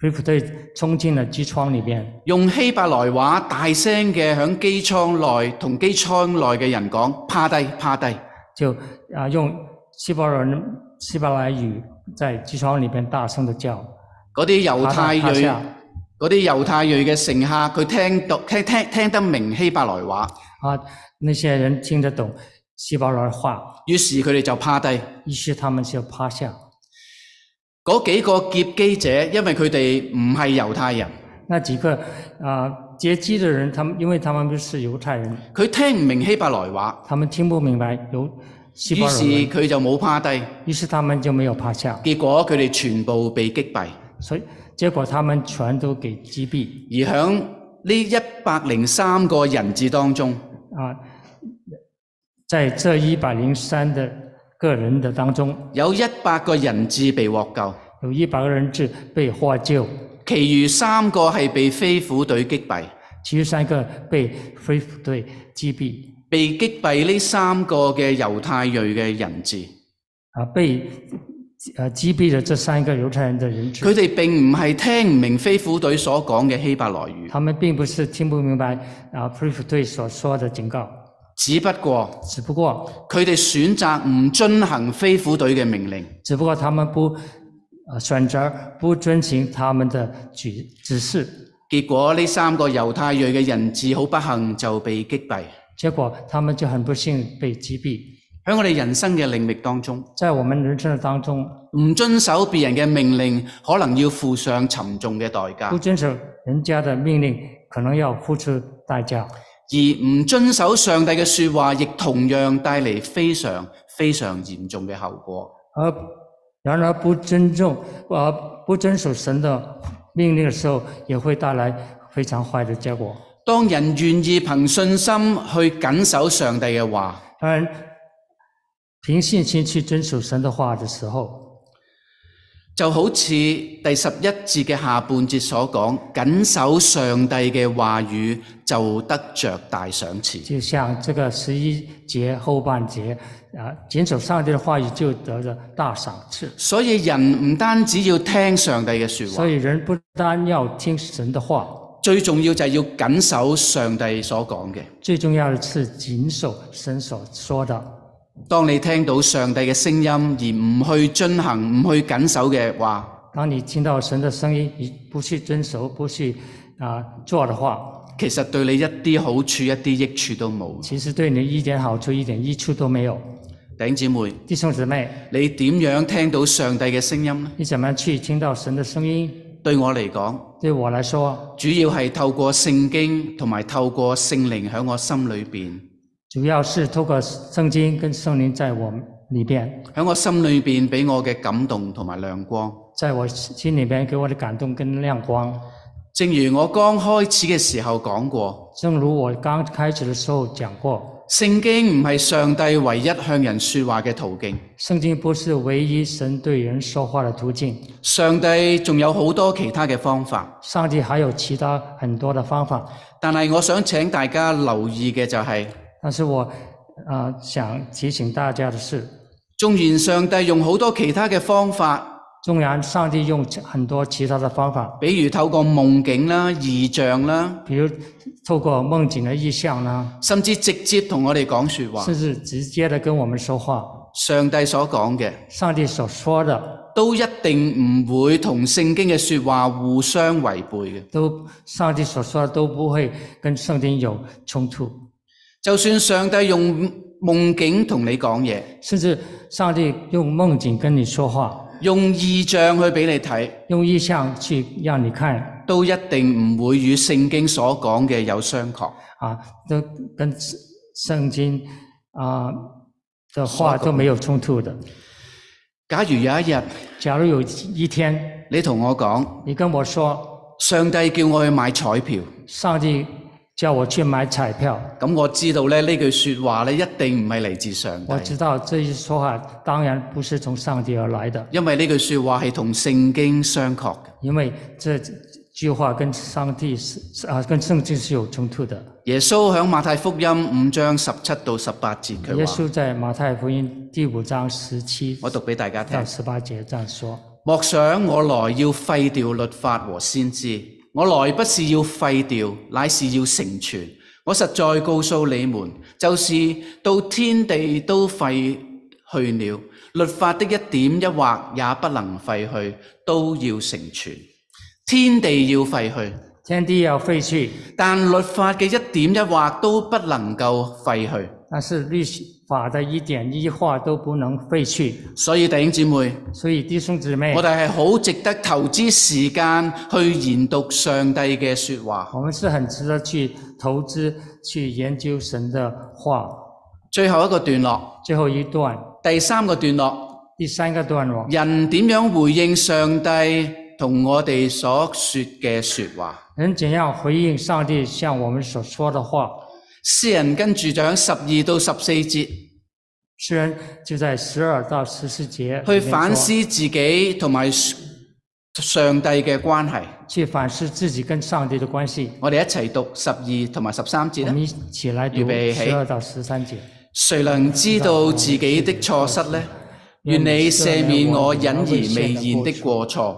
飛虎隊衝進了機艙裏邊，用希伯來話大聲嘅響機艙內同機艙內嘅人講：趴低，趴低。就啊用。西伯倫希伯來語在機艙裏邊大聲的叫，嗰啲猶太裔嗰啲猶太裔嘅乘客，佢聽聽聽聽得明希伯來話。啊，那些人聽得懂希伯來話。於是佢哋就趴低。於是他們就趴下。嗰幾個劫機者，因為佢哋唔係猶太人。那幾個啊劫機的人，他們因為他們不是猶太人。佢、啊、聽唔明希伯來話。他們聽不明白猶。於是佢就冇趴低，於是他們就沒有趴下，下。結果佢哋全部被擊斃，所以結果他們全都給擊斃。而喺呢一百零三個人質當中，啊，在這一百零三個人的當中，有一百個人質被獲救，有一百個人質被獲救，其餘三個係被飛虎隊擊斃，其餘三個被飛虎隊擊斃。被擊斃呢三個猶太裔嘅人質，被擊斃咗這三個猶太人的人質。佢哋並唔係聽唔明飛虎隊所講嘅希伯來語，他們並不是聽不明白啊，飛虎隊所說的警告。只不過，只不過佢哋選擇唔遵行飛虎隊嘅命令。只不過他們不啊選擇不遵行他們的指指示。結果呢三個猶太裔嘅人質好不幸就被擊斃。結果他們就很不幸被擊斃。喺我哋人生嘅領域當中，在我們人生嘅當中，唔遵守別人嘅命令，可能要付上沉重嘅代價。不遵守人家的命令，可能要付出代價。而唔遵守上帝嘅說話，亦同樣帶嚟非常非常嚴重嘅後果。而、啊、然而不尊重，而、啊、不遵守神的命令嘅時候，也會帶來非常壞的結果。當人願意憑信心去謹守上帝嘅話，平憑信心去遵守神的話嘅時候，就好似第十一節嘅下半節所講，謹守上帝嘅話語就得着大賞賜。就像這個十一節後半節，啊，謹守上帝的話語就得着大賞賜。所以人唔單止要聽上帝嘅說話，所以人不單要聽神的話。最重要就是要謹守上帝所講嘅。最重要的是謹守神所說的。當你聽到上帝嘅聲音而唔去遵行，唔去謹守嘅話，當你聽到神的聲音，而不去遵守，不去啊做的話，其實對你一啲好處一啲益處都冇。其實對你一點好處一點益處都沒有。頂姊妹，弟兄姊妹，你怎樣聽到上帝嘅聲音呢？你怎麼樣去聽到神的聲音？對我嚟講，對我來說，主要係透過聖經同埋透過聖靈喺我心裏邊。主要是透過聖經跟聖靈在我裏邊。喺我心裏邊俾我嘅感動同埋亮光。在我心裏邊給我的感動跟亮光。正如我剛開始嘅時候講過。正如我剛開始的時候講過。聖經唔係上帝唯一向人說話嘅途徑。聖經不是唯一神對人說話嘅途徑。上帝仲有好多其他嘅方法。上帝還有其他很多的方法。但係我想請大家留意嘅就係、是，但是我啊想提醒大家嘅是，縱然上帝用好多其他嘅方法。縱然上帝用很多其他的方法，比如透過夢境啦、異象啦，比如透過夢境的異象啦，甚至直接同我哋講說話，甚至直接的跟我們說話，上帝所講嘅，上帝所說的，都一定唔會同聖經嘅說話互相違背嘅，都上帝所說的都不會跟聖經有衝突。就算上帝用夢境同你講嘢，甚至上帝用夢境跟你說話。用意象去俾你睇，用意象去讓你看，都一定唔會與聖經所講嘅有相抗。啊，都跟聖經啊嘅、呃、話都沒有衝突的。假如有一日，假如有一天，你同我講，你跟我說，上帝叫我去買彩票，上帝。叫我去買彩票。咁我知道咧，呢句說話一定唔係嚟自上帝。我知道這句說話當然不是從上帝而來的，因為呢句說話係同聖經相確。因為這句話跟上帝是啊，跟聖經是有衝突的。耶穌喺馬太福音五章十七到十八節，佢耶穌在馬太福音第五章十七，我讀給大家聽，到十八節這樣說，說：莫想我來要廢掉律法和先知。我來不是要廢掉，乃是要成全。我實在告訴你們，就是到天地都廢去了，律法的一點一劃也不能廢去，都要成全。天地要廢去，天地要廢去，但律法嘅一點一劃都不能夠廢去。法的一點一劃都不能廢去，所以弟兄姊妹，所以弟兄姊妹，我哋係好值得投資時間去研讀上帝嘅說話。我們是很值得去投資去研究神的話。最後一個段落，最後一段，第三個段落，第三個段落，人點樣回應上帝同我哋所說嘅說話？人怎樣回應上帝向我們所說的話？詩人跟住就講十二到十四節，詩人就在十二到十四節去反思自己同埋上帝嘅關係，去反思自己跟上帝的關係。我哋一齊讀十二同埋十三節，節預備起。十二到十三節，誰能知道自己的錯失呢？願你赦免我隱而未現的過錯，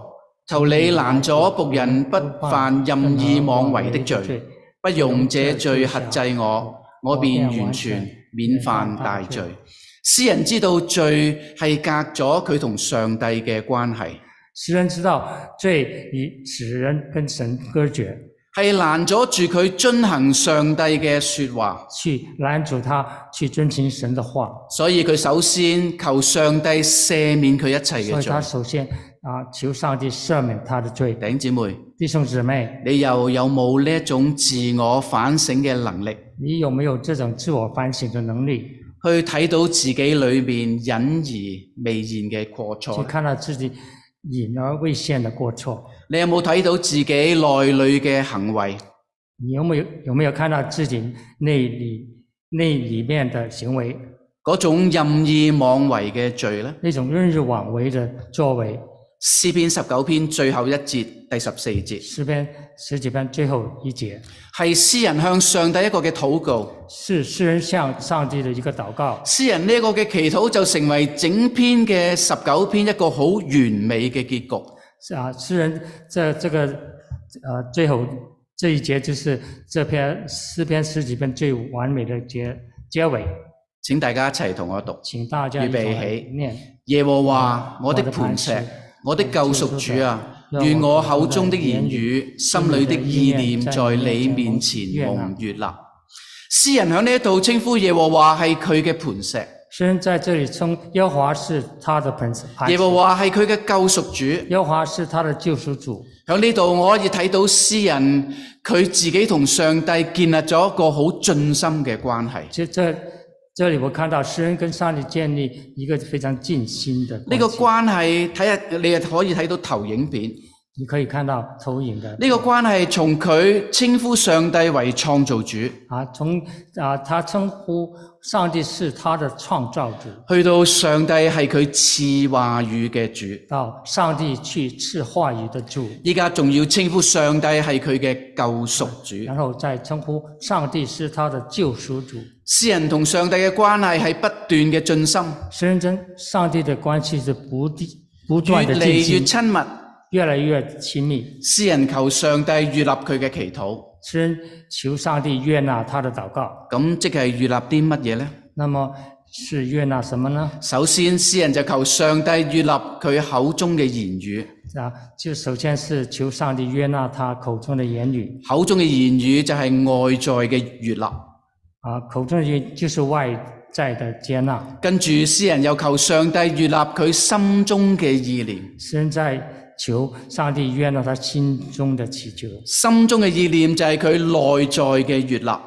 求你攔阻僕人不犯任意妄為的罪。不用這罪轄製我，我便完全免犯大罪。世人知道罪係隔咗佢同上帝嘅關係，世人知道罪，與以使人跟神割絕，係攔咗住佢遵行上帝嘅說話，去攔住他去遵循神的話。所以佢首先求上帝赦免佢一切嘅罪。啊！求上帝赦免他的罪，弟兄姊妹，弟兄姊妹，你又有冇呢一種自我反省嘅能力？你有沒有這種自我反省的能力，去睇到自己裏面隱而未現嘅過錯？去看到自己隱而未現的過錯。你有冇睇到自己內裏嘅行為？你有冇有冇有看到自己內裏內裏面的行為？嗰種任意妄為嘅罪咧？那種任意妄為的作為。詩篇十九篇最後一節第十四節。詩篇十九篇最後一節係詩人向上帝一個嘅禱告。是詩人向上帝的一個禱告。詩人呢一個嘅祈禱就成為整篇嘅十九篇一個好完美嘅結局。啊，詩人這這個啊、呃、最後這一節就是這篇詩篇十九篇最完美的結結尾，請大家一齊同我讀。請大家預備起。耶和華、嗯、我的磐石。我的救贖主啊，願我口中的言語、心裏的意念，在你面前蒙悅納。詩人喺呢度稱呼耶和華係佢嘅磐石，耶和華係佢嘅救贖主。喺呢度我可以睇到詩人佢自己同上帝建立咗一個好盡心嘅關係。這裏我看到詩人跟上帝建立一個非常盡心的呢、這個關係。睇下你又可以睇到投影片，你可以看到投影的呢、這個關係，從佢稱呼上帝為創造主，啊，從啊，他稱呼上帝是他的創造主，去到上帝係佢賜話語嘅主，到上帝去賜話語的主，依家仲要稱呼上帝係佢嘅救贖主，然後再稱呼上帝是他的救贖主。詩人同上帝嘅關係係不斷嘅進深，詩人真上帝嘅關係是不地不斷嘅進深，越嚟越親密，越來越親密。詩人求上帝悅納佢嘅祈禱，詩人求上帝悅納他的禱告。咁即係悅納啲乜嘢呢？那麼是悅納什麼呢？首先，詩人就求上帝悅納佢口中嘅言語，啊，就首先是求上帝悅納他口中嘅言語。口中嘅言語就係外在嘅悅納啊，口中的就是外在的接納，跟住詩人又求上帝悅納佢心中嘅意念。現在求上帝悅納他心中的祈求，心中嘅意念就係佢內在嘅悅納，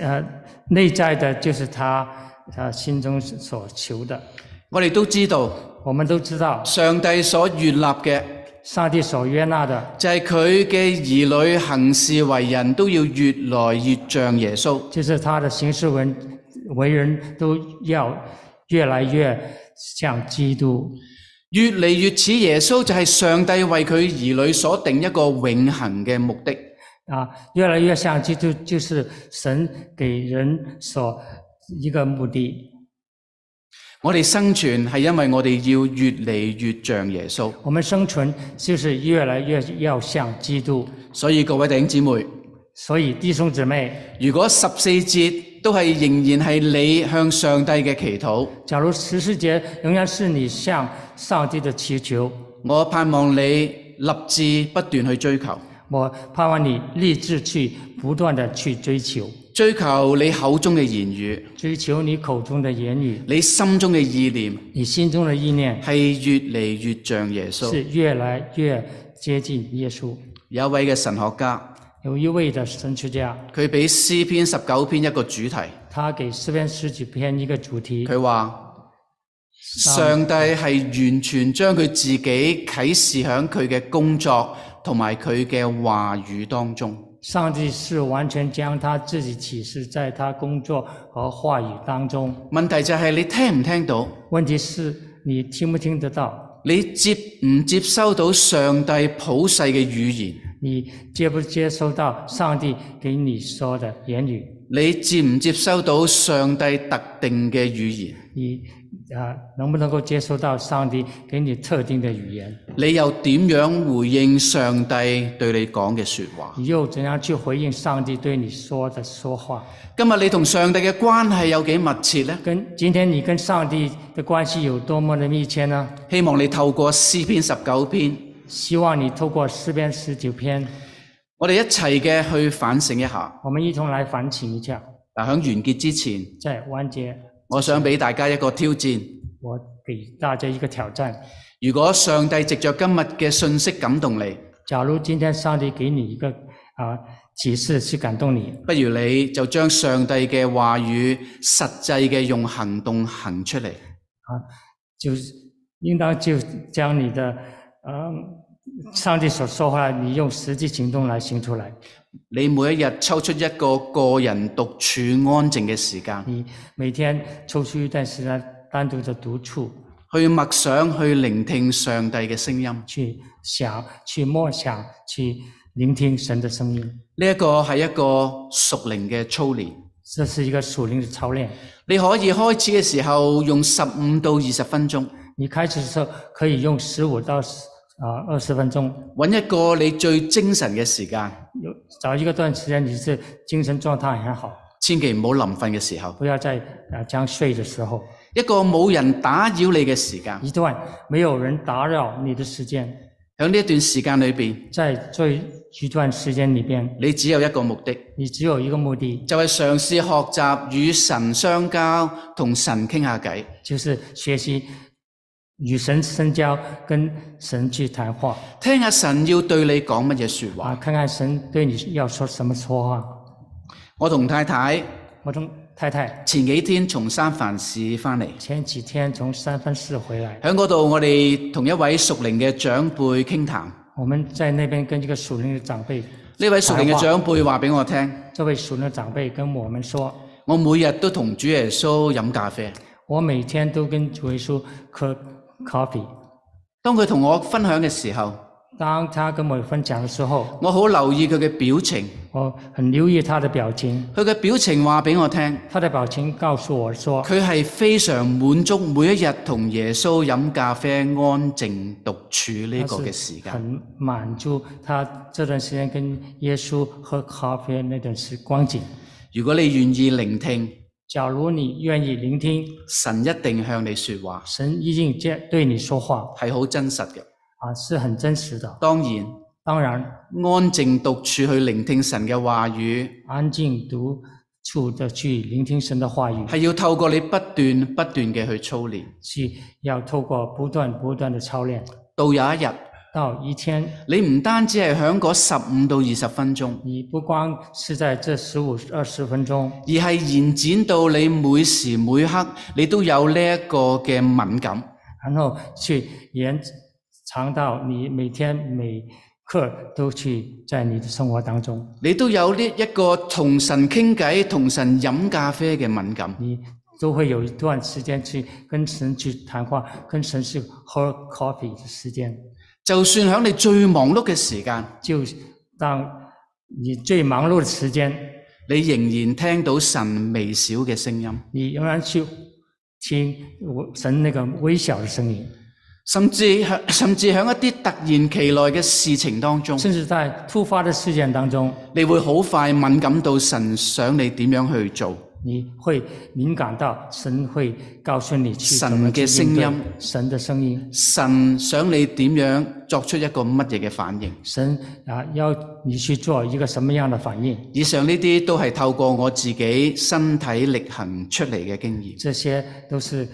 呃。內在的，就是他，他心中所求的。我哋都知道，我們都知道，上帝所悅納嘅。上帝所約納的就係佢嘅兒女行事為人，都要越來越像耶穌。就是他的行事為為人，為人都要越來越像基督。越嚟越似耶穌，就是上帝為佢兒女所定一個永恆嘅目的。啊，越來越像基督，就是神給人所一個目的。我哋生存係因為我哋要越嚟越像耶穌。我們生存就是越來越要像基督。所以各位弟兄姊妹，所以弟兄姊妹，如果十四節都係仍然係你向上帝嘅祈禱，假如十四節仍然是你向上帝的祈求，我盼望你立志不斷去追求。我盼望你立志去不斷地去追求。追求你口中嘅言語，追求你口中的言語，你心中嘅意念，你心中的意念係越嚟越像耶穌，是越來越接近耶穌。有一位嘅神學家，有一位嘅神學家，佢畀詩篇十九篇一個主題，他給詩篇十九篇一個主題。佢話上帝係完全將佢自己啟示響佢嘅工作同埋佢嘅話語當中。上帝是完全將他自己啟示在他工作和話語當中。問題就係你聽唔聽到？問題是你聽唔聽得到？你接唔接收到上帝普世嘅語言？你接不接收到上帝給你說的言語？你接唔接收到上帝特定嘅語言？你。啊，能不能夠接收到上帝給你特定的語言？你又點樣回應上帝對你講嘅說話？你又怎樣去回應上帝對你說的說話？今日你同上帝嘅關係有幾密切呢？跟今天你跟上帝的關係有多麼的密切呢？希望你透過詩篇十九篇，希望你透過詩篇十九篇，我哋一齊嘅去反省一下。我們一同來反省一下。嗱，響完結之前。在完結。我想畀大家一個挑戰。我給大家一個挑戰。如果上帝藉着今日嘅信息感動你，假如今天上帝給你一個啊，指示去感動你，不如你就將上帝嘅話語實際嘅用行動行出嚟。啊，就應當就將你的嗯。啊上帝所說話，你用實際行動來行出來。你每一日抽出一個個人獨處安靜的時間。你每天抽出一段時間，單獨的獨處，去默想，去聆聽上帝的聲音，去想，去默想，去聆聽神的聲音。這一個是一個屬靈的操練。這是一個屬靈的操練。你可以開始的時候用十五到二十分鐘。你開始的時候可以用十五到。啊，二十分鐘。搵一個你最精神的時間，找一個段時間，你是精神狀態很好。千祈唔好臨瞓的時候，不要在啊將睡的時候，一個冇人打擾你的時間，一段沒有人打擾你的時間，喺呢段時間裏邊，在這一段時間裏邊，你只有一個目的，你只有一個目的，就是嘗試學習與神相交，同神傾下偈，就是學習。與神深交，跟神去談話，聽下神要對你講乜嘢說話。啊，看看神對你要說什麼說話。我同太太，我同太太前幾天從三藩市翻嚟。前幾天從三藩市回來。喺嗰度，我哋同一位屬靈嘅長輩傾談。我們在那邊跟一個屬靈嘅長輩。呢位屬靈嘅長輩話俾我聽。這位屬靈嘅長,長輩跟我們說。我每日都同主耶穌飲咖啡。我每天都跟主耶穌喝咖啡。當佢同我分享嘅時候，當他跟我分享的時候，我好留意佢嘅表情，我很留意他的表情。佢嘅表情話俾我聽，他的表情告訴我說，佢係非常滿足每一日同耶穌飲咖啡安靜獨處呢個嘅時間。很滿足他這段時間跟耶穌喝咖啡那段時間光景。如果你願意聆聽。假如你願意聆聽，神一定向你說話。神一定接對你說話，係好真實嘅。啊，是很真實的。當然，當然，安靜獨處去聆聽神嘅話語。安靜獨處地去聆聽神的話語，係要透過你不斷不斷嘅去操練。是要透過不斷不斷的操練，到有一日。到一千，你唔單止係喺嗰十五到二十分鐘，你不光是在這十五二十分鐘，而係延展到你每時每刻，你都有呢一個嘅敏感，然後去延長到你每天每刻都去在你的生活當中，你都有呢一個同神傾偈、同神飲咖啡嘅敏感，你都會有一段時間去跟神去談話，跟神去喝 coffee 嘅時間。就算喺你最忙碌嘅時間，就當你最忙碌嘅時間，你仍然聽到神微小嘅聲音。你永遠去聽神那個微小的聲音，甚至響，甚至響一啲突然其來嘅事情當中，甚至在突發的事件當中，你會好快敏感到神想你點樣去做。你會敏感到神會告訴你去神嘅聲音，神的聲音，神想你點樣作出一個乜嘢嘅反應？神啊，要你去做一個什麼樣的反應？以上呢啲都係透過我自己身體力行出嚟嘅經驗。這些都是，誒，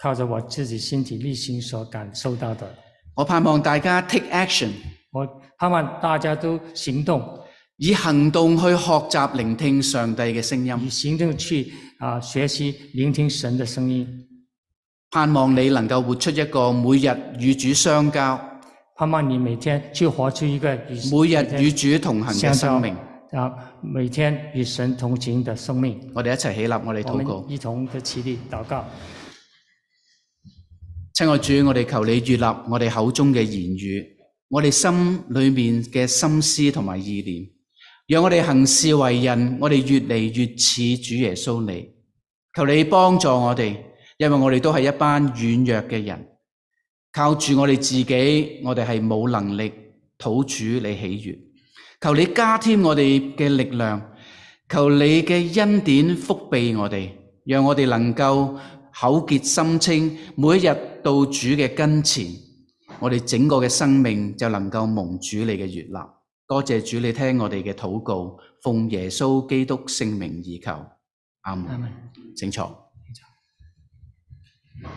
靠着我自己身體力行所感受到的。我盼望大家 take action，我盼望大家都行動。以行動去學習聆聽上帝的聲音，以行動去啊學習聆聽神的聲音。盼望你能夠活出一個每日與主相交，盼望你每天去活出一個與每日與主同行的生命，啊，每天與神同行的生命。我們一起起立，我哋禱告。我們一同嘅起立禱告。親愛主，我們求你悅納我們口中的言語，我們心裏面的心思同埋意念。讓我哋行事為人，我哋越嚟越似主耶穌你。求你幫助我哋，因為我哋都係一班軟弱嘅人，靠住我哋自己，我哋係冇能力討主你喜悅。求你加添我哋嘅力量，求你嘅恩典覆庇我哋，讓我哋能夠口潔心清，每一日到主嘅跟前，我哋整個嘅生命就能夠蒙主你嘅悦納。多謝，謝主，你聽我哋嘅禱告，奉耶穌基督聖名而求，阿門。請坐。請坐。